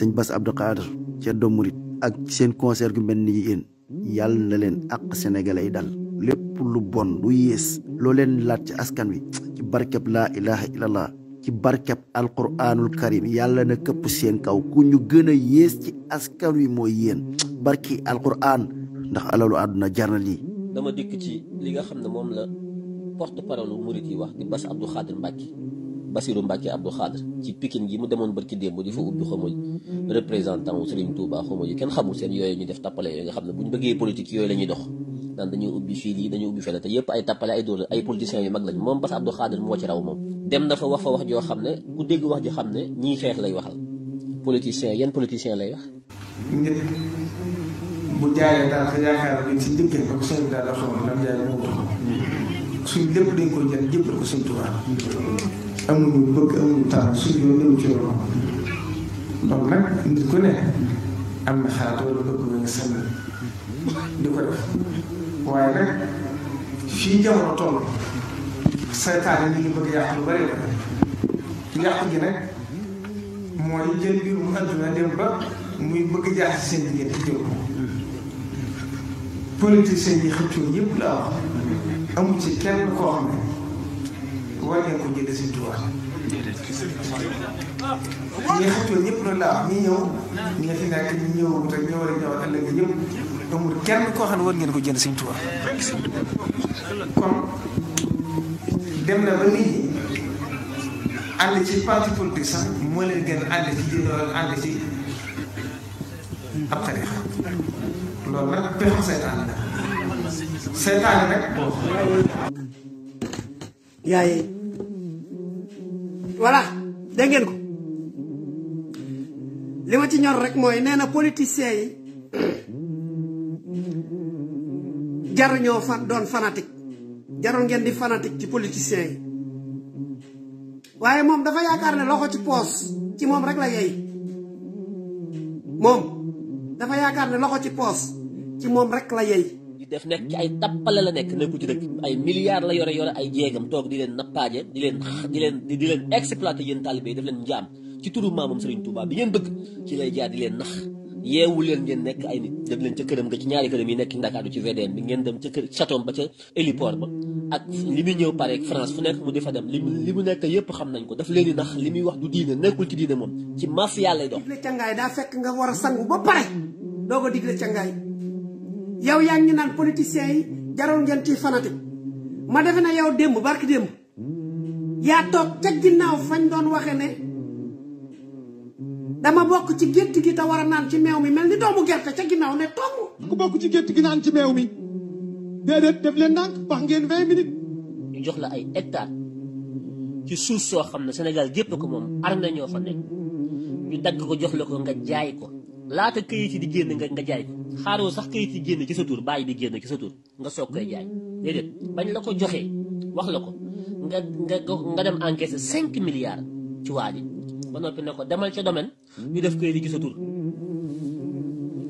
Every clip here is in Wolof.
sëñ Bass Abdou Khadre Ceddo Murit ak seen concert gu mel ni yéen yàlla na leen ak senegal yi dal lépp lu bon lu yées loo leen laat ci askan wi ci barkeb laa ilaha illallah ci barkeb alquranul karim yàlla na këpp seen kaw ku ñu gën a yées ci askan wi mooy yéen barki alquran ndax alalu àdduna jarna lii dama dikk ci li nga xam ne moom la porte parole murit yi wax di Bass Abdou Khadre Mbacké Bassirou Mbacke Abdou Khadre ci Pikine gi mu demoon barki démb di fa ubbi xaw ma représentant wu Serigne seen yooyu ñu def tappale yooyu nga xam ne bu ñu bëggee politique yooyu la ñuy dox naan dañuy ubbi fii lii dañuy ubbi fële moo ci raw moom dem joo xam ne ku dégg wax lay wax nit bu jaayee daal dañ ko jël jébbal ko sëñ amuñu bëgg amuñu taal suñu yoon nañu ci am na xalaat wala bëgg ba nga bëgg yàq lu bari la yàq gi ba muy bëgg jaaxle seen diggante jël ko politicien yi xëccoo yëpp la wax amu ci kenn koo xam ne wane ko jëlee suñu tubaab ñi nga xam ñëpp loolu laa wax ñi ñëw ñi nga ñëw te ñëw koo xam ne war ngeen ko jënd suñu tubaab kon dem na ba nii ànd ci parti politique sax moo leen gën ànd ci jëndoon ànd ci ab loolu nag pexu seytaan la seytaan nag boobu. yaay. voilà dengen ngeen ko li ci ñor rek moy nee na politiciens yi jar ñoo fa doon fanatique jarul ngeen di fanatique ci politiciens yi waye mom dafa yaakar ne loxo ci pos ci mom rek la yey mom dafa yaakar ne loxo ci pos ci mom rek la yey def nek ci ay tapala la nek nekku ci dekk ay milliards la yoré yoré ay jéegam tok di len nappaaje di len di len di len exploiter yeen talibé def len njaam ci turu mamam Serigne Touba bi ngeen bëgg ci lay jaar di len nax yeewu len ngeen nek ay nit dem len ci kërëm ga ci ñaari kërëm yi nekk Ndakaaru ci VDM bi ngeen dem ci kër chatom ba ca héliport ba ak limi ñew paré ak France fu nek mu difa dem limi limu nek yépp xam nañ ko daf leen di nax limi wax du diine nekul ci diine mom ci mafia lay dox digle cangaay da fekk nga wara sangu ba paré dogo digle digle cangaay yow yaa ngi naan politiciens yi jarul ngeen ciy fanatique ma defe na yow démb barki démb yaa toog ca ginnaaw fañ doon waxe ne dama bokk ci gétt gi te war a naan ci meew mi mel ni doomu gerte ca ginnaaw ne tong ku bokk ci gétt gi naan ci meew mi déedéet def leen ndànk wax ngeen vingt jox la ay hectares ci suuf soo xam ne Sénégal gépp ko moom ar na ñoo fa nekk ñu dagg ko jox la ko nga jaay ko laata këyit yi di génn nga nga jaay xaaroo sax këyit yi génn ci sa tur bàyyi bi génn ci sa tur nga soog koy jaay déedéet bañ la ko joxee wax la ko nga nga nga dem encaissé cinq milliards ci waa ji ba noppi ne ko demal ca domaine ñu def këyit yi ci sa tur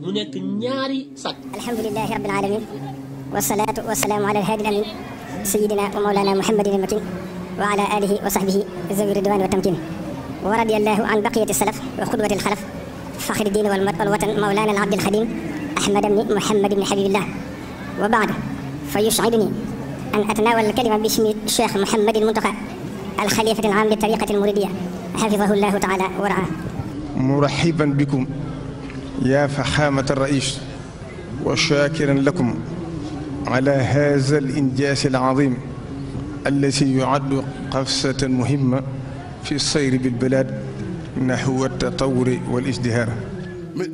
mu nekk ñaari sàkk alhamdulilahi rabbil alamin wasalaatu wasalaamu ala alhaadi alamin sayidina wa mawlana muhammadin almakin wa ala alihi wa sahbihi zawi ridwani wa tamkin wa radiallahu an baqiyati salaf wa xudwati alxalaf فخر الدين والوطن مولانا العبد الخديم أحمد بن محمد بن حبيب الله وبعد فيسعدني أن أتناول الكلمة باسم الشيخ محمد المنتقى الخليفة العام للطريقة المريدية حفظه الله تعالى ورعاه مرحبا بكم يا فخامة الرئيس وشاكرا لكم على هذا الإنجاز العظيم الذي يعد قفزة مهمة في السير بالبلاد Mais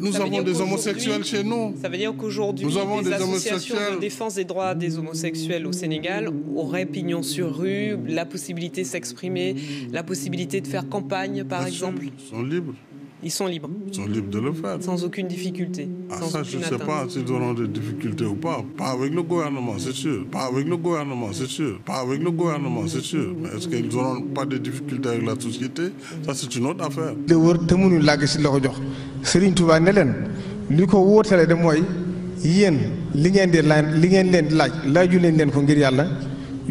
nous avons des homosexuels chez nous. Ça veut dire qu'aujourd'hui, les associations de défense des droits des homosexuels au Sénégal auraient pignon sur rue, la possibilité de s'exprimer, la possibilité de faire campagne, par exemple. Ils sont libres. Ils sont libres. Ils sont libres de le faire. Sans aucune difficulté. Ah, sans ça, aucune je ne sais pas s'ils auront des difficultés ou pas. Pas avec le gouvernement, c'est sûr. Pas avec le gouvernement, c'est sûr. Pas avec le gouvernement, c'est sûr. Mais est-ce qu'ils n'auront pas de difficultés avec la société Ça, c'est une autre affaire. yéen li ngeen di laaj li ngeen leen di laaj laaju leen leen ko ngir yàlla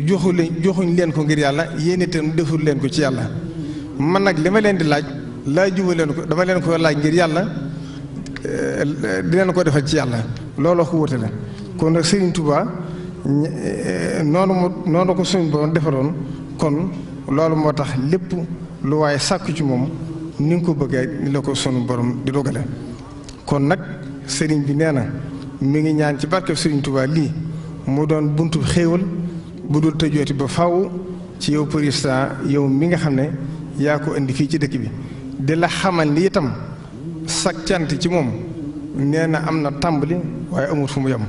joxu joxuñ leen ko ngir yàlla yéen itam deful leen ko ci yàlla man nag li ma leen di laaj laaj juba ko dama leen ko laaj ngir yàlla eh, di leen ko defal ci yàlla looloo ko wute la kon nag Serigne Touba eh, noonu mu noonu ko suñu borom defaroon kon loolu moo tax lépp lu waaye sàkku ci moom ni nga ko bëggee ni la ko sunu borom di dogale kon nag sëriñ bi nee na mi ngi ñaan ci barkeb Serigne Touba lii mu doon bunt xéewal bu dul tëjooti ba faw ci yow président yow mi nga xam ne yaa ko indi fii ci dëkk bi di la xamal ni itam sag cant ci moom nee na am na tàmbali waaye amul fu mu yem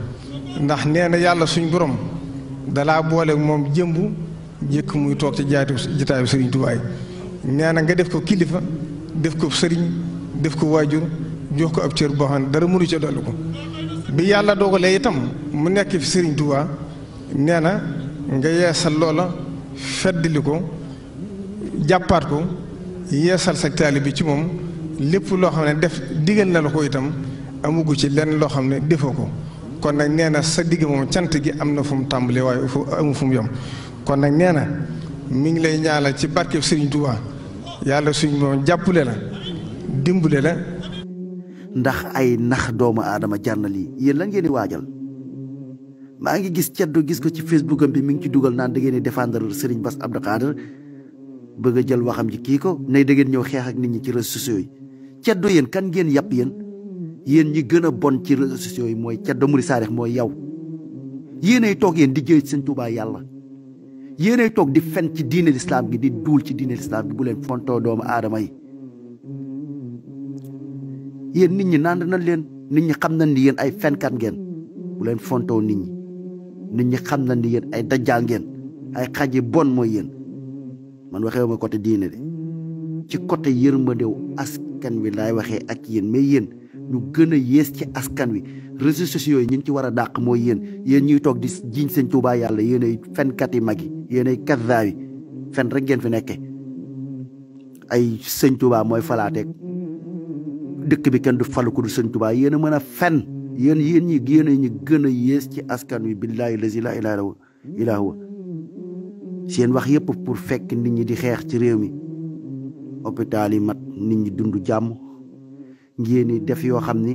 ndax nee na yàlla suñ borom dalaa boole moom jëmb jëkk muy toog ci jaati jitaay sëriñ Tuubaa nee na nga def ko kilifa def ko sëriñ def ko waajur jox ko ab cër boo xam ne dara mënu ca dolli ko bi yàlla doo doogalee itam mu nekk fi sëriñ Tuubaa nee na nga yeesal loola feddali ko jàppaat ko yeesal sa taali bi ci moom lépp loo xam ne def digal na la ko itam amugu ci lenn loo xam ne defoo ko kon nag nee na sa digg moom cant gi am na fu mu tàmbalee waaye fu amu fu mu yom kon nag nee na mi ngi lay ñaanal ci barkeb Sëriñ Tuubaa yàlla suñ moom jàppule la dimbule la ndax ay nax doomu aadama jar yi lii yéen lan ngeen di waajal maa ngi gis ceddo gis ko ci Facebook bi mi ngi ci dugal naan da ngeen di défendre Serigne Bass Abdou Khadre bëgg a jël waxam ji kii ko nay da ngeen ñëw xeex ak nit ñi ci réseaux sociaux yi ceddo yéen kan ngeen yàpp yéen yéen ñi gën a bon ci réseaux sociaux yi mooy ceddo muri saarix mooy yow ay toog yéen di jëy sëñ Tuubaa yàlla yéenay toog di fen ci diine lislaam gi di duul ci diine lislaam gi bu leen fontoo doomu aadama yi yéen nit ñi naan nañ leen nit ñi xam nañ di yéen ay fenkat ngeen leen fontoo nit ñi nit ñi xam nañ ni ay dajjaal ngeen ay xaji bon mooy yéen man waxee ma côté diine de ci côté yërmandew askan wi laay waxee ak yéen mais yéen ñu gën a yées ci askan wi réseaux sociaux yi ñu ci war a dàq mooy yéen yéen ñuy toog di jiiñ seen tuubaa yàlla yéen ay fenkat yi mag yi yéen ay kaza yi fen rek ngeen fi nekkee ay sëñ Tuubaa mooy falaateeg dëkk bi kenn du falu ko du sëñ Tuubaa yéen a mën a fen yéen yéen ñi yéen ñi gën yées ci askan wi billaahi lazi laa ilaaha illaa seen wax yépp pour fekk nit ñi di xeex ci réew mi hôpital yi mat nit ñi dund jàmm ngeen di def yoo xam ni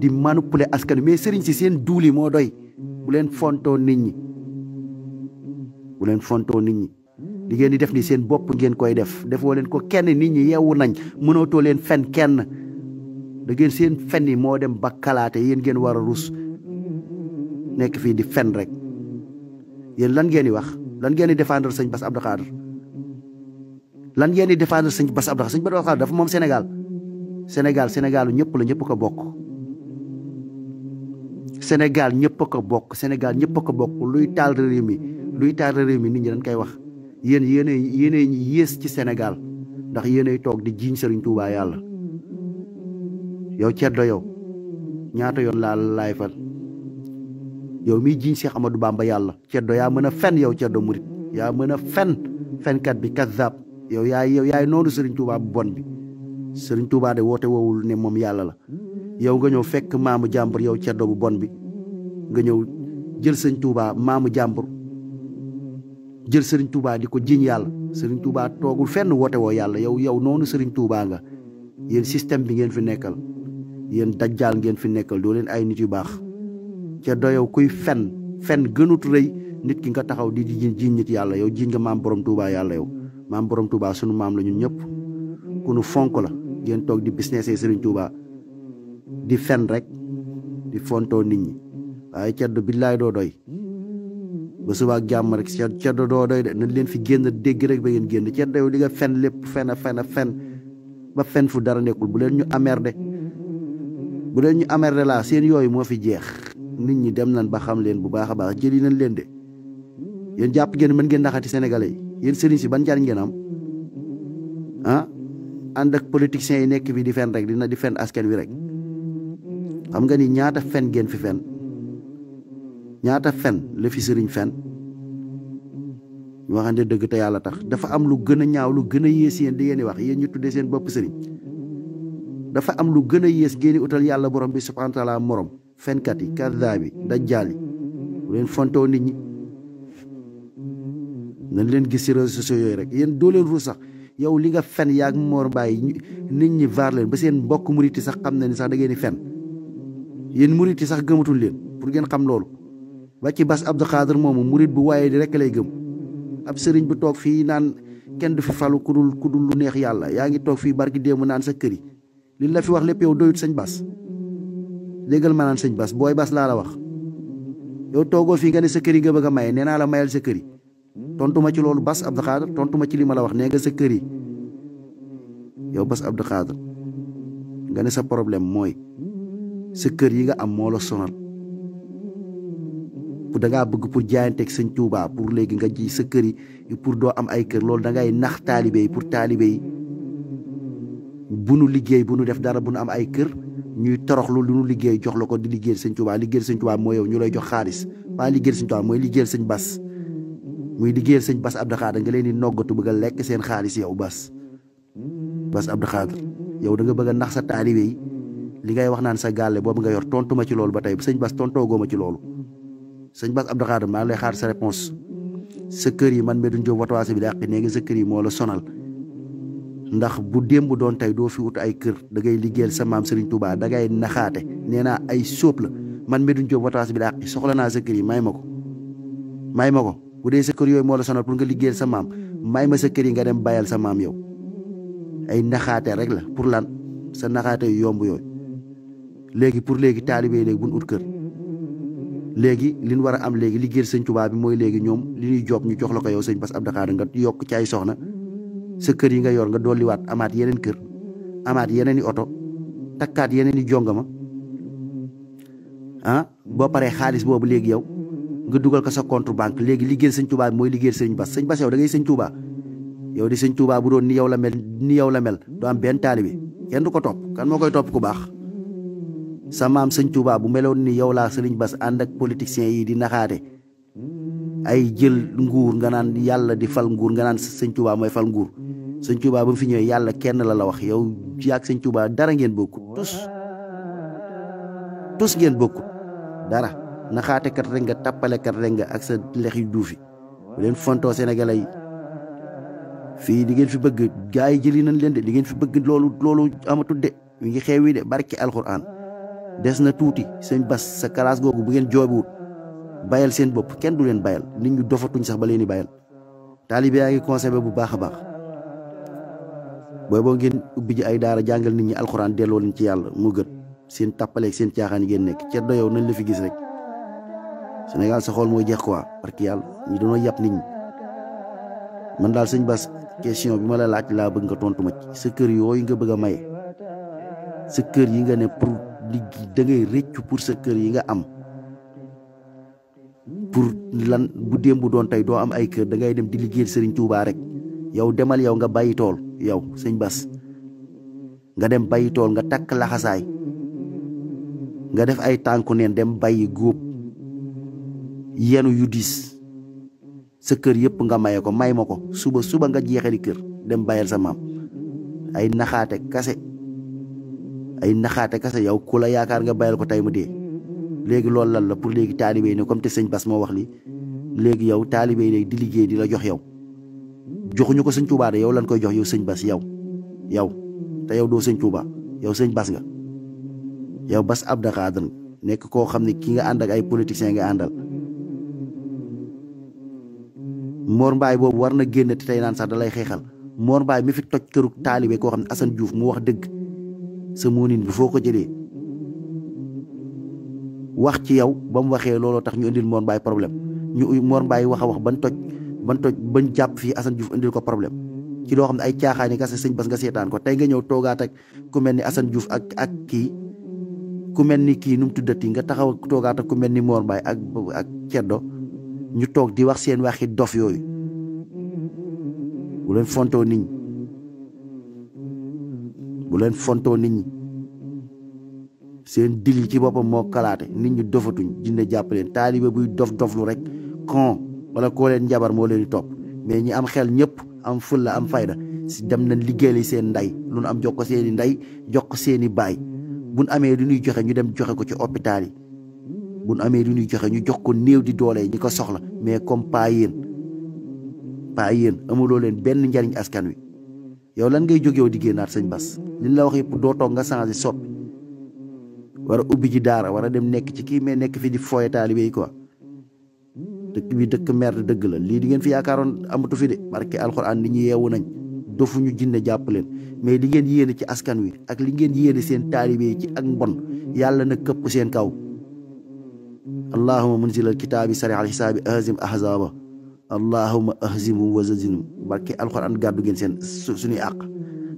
di manipuler askan mais sëriñ si seen duul yi moo doy bu leen fontoo nit ñi bu leen fontoo nit ñi di ngeen di def ni seen bopp ngeen koy def defoo leen ko kenn nit ñi yeewu nañ mënootoo leen fen kenn da ngeen seen fen yi moo dem ba kalaate yéen ngeen war a rus nekk fii di fen rek yéen lan ngeen di wax lan ngeen di défendre sëñ Bass Abdou Khadre lan ngeen di défendre sëñ Bass Abdou Khadre sëñ Bass Abdou Khadre dafa moom Sénégal Sénégal Sénégalu ñëpp la ñëpp ko bokk senegal ñëpp a ko bokk Sénégal ñëpp bokk luy taal réew mi luy taal réew mi nit ñi dañ koy wax yéen yéenay yéenay yées ci senegal ndax yéenay toog di jiiñ Sëriñ Tuubaa yàlla yow ceddo yow ñaata yoon laa laay fal yow mii jiiñ Cheikh Amadou Bamba yàlla ceddo yaa mën a fen yow ceddo murit yaa mën a fen fenkat bi kazzab yow yaay yow yaay noonu Serigne Touba bu bon bi Serigne Touba de woote ne moom yàlla la yow nga ñëw fekk maamu jàmbur yow ceddo bon bi nga ñëw jël sëñ tuubaa maamu jàmbur jël sëriñ Touba di ko jiiñ yàlla Serigne Touba toogul fenn woote woo yàlla yow yow noonu Serigne Touba nga yéen système bi ngeen fi nekkal yéen dajjaal ngeen fi nekkal doo leen ay nit yu baax ca doyow kuy fen fen gënut rëy nit ki nga taxaw di di jiiñ nit yàlla yow jiiñ nga maam borom Touba yàlla yow maam borom Touba sunu maam la ñun ñëpp ku nu fonk la ngeen toog di business yi Serigne di fen rek di fontoo nit ñi waaye ceddo billaay doo doy ba subaak jàmm rek ceddo doo doy de nañ leen fi génn dégg rek ba ngeen génn ceddo yow li nga fen lépp fen a fen a fen ba fen fu dara nekkul bu leen ñu amer de ñu amer de laa seen yooyu moo fi jeex nit ñi dem nañ ba xam leen bu baaxa baax jëli nañ leen de yeen japp gene man gene naxati sénégalais yeen sëriñ si ban jaar ngeen am ah and ak politiciens yi nekk bi di fen rek dina di fen askan wi rek xam nga ni ñaata fen gen fi fen ñaata fen le fi sëriñ fen ñu waxande deug ta yalla tax dafa am lu gëna ñaaw lu gëna yees yeen di ngeen wax yeen ñu tuddé seen bop sëriñ dafa am lu gëna yees yées utal borom bi subhanahu wa taala morom fenkat yi kaddaabi dajjaal yi bu leen fontoo nit ñi nga leen gis ci réseaux sociaux yooyu rek yéen doo leen ruus sax yow li nga fen yaag Mor Mbaye nit ñi vaar leen ba seen mbokk murit sax xam na ni sax da ngeen di fen yéen murit sax gëmatul leen pour ngeen xam loolu ba ci Bass Abdou Khadre moomu murit bu waaye di rek lay gëm ab sëriñ bu toog fii naan kenn du fi falu ku dul ku dul lu neex yàlla yaa ngi toog fii barki démb naan sa kër yi li la fi wax déggal ma naan sëñ bas booy bas laa la wax yow toogoo fii nga ne sa kër yi nga bëgg maye nee naa la mayal sa kër yi tontu ci loolu bas Abdou Khadre tontu ci li ma la wax nee nga sa kër yi yow bas Abdou nga ne sa problème mooy sa kër yi nga am moo la sonal pour da bëgg pour jaayanteeg sëñ Touba pour léegi nga ji sa kër yi pour doo am ay kër loolu da ngay nax taalibe yi pour taalibe yi bu nu liggéey bu nu def dara bu nu am ay kër. ñuy torox lu lu liggéey jox la ko di liggéey sëñ touba liggéey sëñ touba mooy yow ñu lay jox xaalis waaye liggéey sëñ touba mooy liggéey sëñ Bas muy liggéey sëñ Bas Abdou Khadre nga leen di noggatu bëgg a lekk seen xaalis yow Bas Bas Abdou Khadre yow da nga bëgg a nax sa taalibe yi li ngay wax naan sa gàlle boobu nga yor tontu ma ci loolu ba tey sëñ Bas tonto ma ci loolu sëñ Bas Abdou maa ngi lay xaar sa réponse sa kër yi man duñ Diop Watawassy bi làq néegi sa kër yi moo la sonal ndax bu démb doon tey doo fi wut ay kër da ngay sa maam Serigne Touba da ngay naxaate nee ay sóob la man Medoune Diop Watass bi daa soxla naa sa kër yi may ma ko may ma ko bu dee sa kër yooyu moo la sonal pour nga liggéeyal sa maam may ma sa kër yi nga dem bayal sa maam yow ay naxaate rek la pour lan sa naxaate yu yomb yooyu léegi pour léegi taalibe yi léegi bu ñu ut kër léegi li nu war am léegi liggéeyal sëñ Touba bi mooy léegi ñoom li ñuy job ñu jox la ko yow sëñ Bass Abdou Khadre nga yokk ci ay soxna sa kër yi nga yor nga dolliwaat amaat yeneen kër amaat yeneen i oto takkaat yeneen i jongama ah boo paree xaalis boobu léegi yow nga dugal ko sa compte banque léegi liggéeyal sëñ Touba mooy liggéey sëñ Bas sëñ Bas da ngay sëñ yow di sëñ Touba bu doon ni yow la mel ni yow la mel du am benn taalibe kenn du ko topp kan moo koy topp ku baax sa maam sëñ bu meloon ni yow laa sëriñ Bas ànd ak politiciens yi di naxaate ay jël nguur nga naan yàlla di fal nguur nga naan sëñ mooy fal nguur señ Touba bu fi ñëw yàlla kenn la la wax yow yaag señ Touba dara ngeen bokku tus tus ngeen bokku dara kat rek nga kat rek nga ak sa lex yu duufi bu leen fonto sénégalais yi fii di ngeen fi bëgg gaay yi jëli nañ leen de di ngeen fi bëgg loolu loolu amatul de mi ngi xewi de barki alxuraan des na tuuti señ bas sa kalaas googu bu ngeen joobiwut bayal seen bopp kenn du leen bayal nit ñu dofatuñ sax ba leen di bayal taalibe yaa ngi conservé bu baax baax booy bo ngeen ubbi ji ay daara jangal nit ñi alcorane delo leen ci yalla mo geut seen ak seen caaxaan yi ngeen nekk ca doyow nañ la fi gis rek senegal sa xol moy jeex quoi parce yalla ñi ñu doonoo nit ñi man dal seigne Bass question bi la laaj la bëgg nga tontu ma ci sa kër yoy nga bëgg may sa kër yi nga ne pour da ngay reccu pour sa kër yi nga am pour lan bu dembu don tay do am ay kër da ngay dem di liggéeyal Serigne Touba rek yow demal yow nga bayi tol, yow sëñ bass nga dem bayi tol, nga la laxasaay nga def ay tanku neen dem bayi goup yenu Yudis. diis sa keur yep nga maye ko may mako suba suba nga jeexali keur dem bayar sa mam ay naxate kase ay naxate kase yow kula yaakar nga bayal ko tay mu de legui lol lan la pour yau talibey ne comme te bass mo wax li legui yow talibey ne di liggéey di la jox yow joxu ñu ko sëñ Touba de yow lan koy jox yow sëñ Bas yow yow te yow doo sëñ Touba yow sëñ Bas nga yow Bas Abdou Khadre nekk koo xam ne ki nga ànd ak ay politiciens nga àndal Mor boobu war na génn te tey naan sax da lay xeexal Mor Mbaye mi fi toj këru taalibe koo xam ne asan Diouf mu wax dëgg sa moonin bi foo ko jëlee wax ci yow ba mu waxee looloo tax ñu indi Mor Mbaye ñu Mor Mbaye wax a wax toj ban toj bañ jàpp fii Assane Diouf indil ko problème ci loo xam ne ay caaxaani kase sëñ bas nga seetaan ko tey nga ñëw toogaat ku mel ni Assane Diouf ak ak kii mel ni kii nu mu tuddati nga taxaw toogaat ak ku mel ni Mor Mbaye ak ak Ceddo ñu toog di wax seen waxi dof yooyu bu leen fontoo nit ñi seen dil ci boppam moo kalaate nit ñu dofatuñ jinne jàpp leen taalibe buy dof doflu rek wala koo leen jabar moo leen di topp mais ñi am xel ñëpp am fulla am fayda si dem nañ liggéeyal seen ndey lu nu am jox ko seeni i ndey jox ko seen i baay buñ amee lu ñuy joxe ñu dem joxe ko ci hôpital yi buñ amee lu ñuy joxe ñu jox ko néew di doole ñi ko soxla mais comme pas yéen pas yéen amuloo leen benn njariñ askan wi yow lan ngay jóg yow di génnaat sañ Bas liñ la wax yëpp doo toog nga changé soppi war a ubbi daara war a dem nekk ci kii mais nekk fi di foye taalibe yi quoi dëkk bi dëkk meer dëgg la lii di ngeen fi yaakaaroon amatu fi de barke alxuraan nit ñi yeewu nañ dofuñu jinne jàpp leen mais li ngeen yéene ci askan wi ak li ngeen yéene seen taalibe ci ak mbon yàlla na këpp seen kaw allahuma munzilal kitaabi sari al xisaabi ahzim ahzaba allahuma ahzimum wa zazimum barke alxuraan gàddu ngeen seen suñuy àq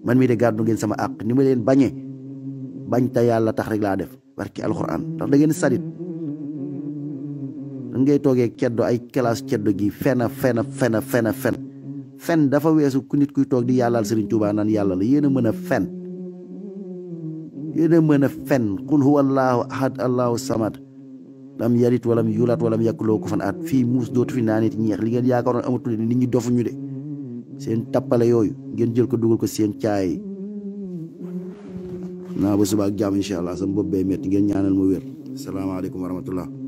man mii de gàddu ngeen sama àq ni ma leen bañee bañ te yàlla tax rek laa def barke alxuraan ndax da ngeen ngay toge keddo ay kelas keddo gi fena fena fena fena fena fen dafa wessu ku nit kuy tok di yalal Serigne Touba nan yalla la yena meuna fen yena meuna fen qul huwallahu ahad allahu samad lam yalit walam yulat walam yakul ko fan at fi mus dot fi nanit ñeex li ngeen amatu amatul nit ñi ñu de seen tapale yoy ngeen jël ko duggal ko seen caay na bu suba ak jàmm incha allah sama bopp ngeen ñaanal mu wër assalamu alaykum warahmatullahi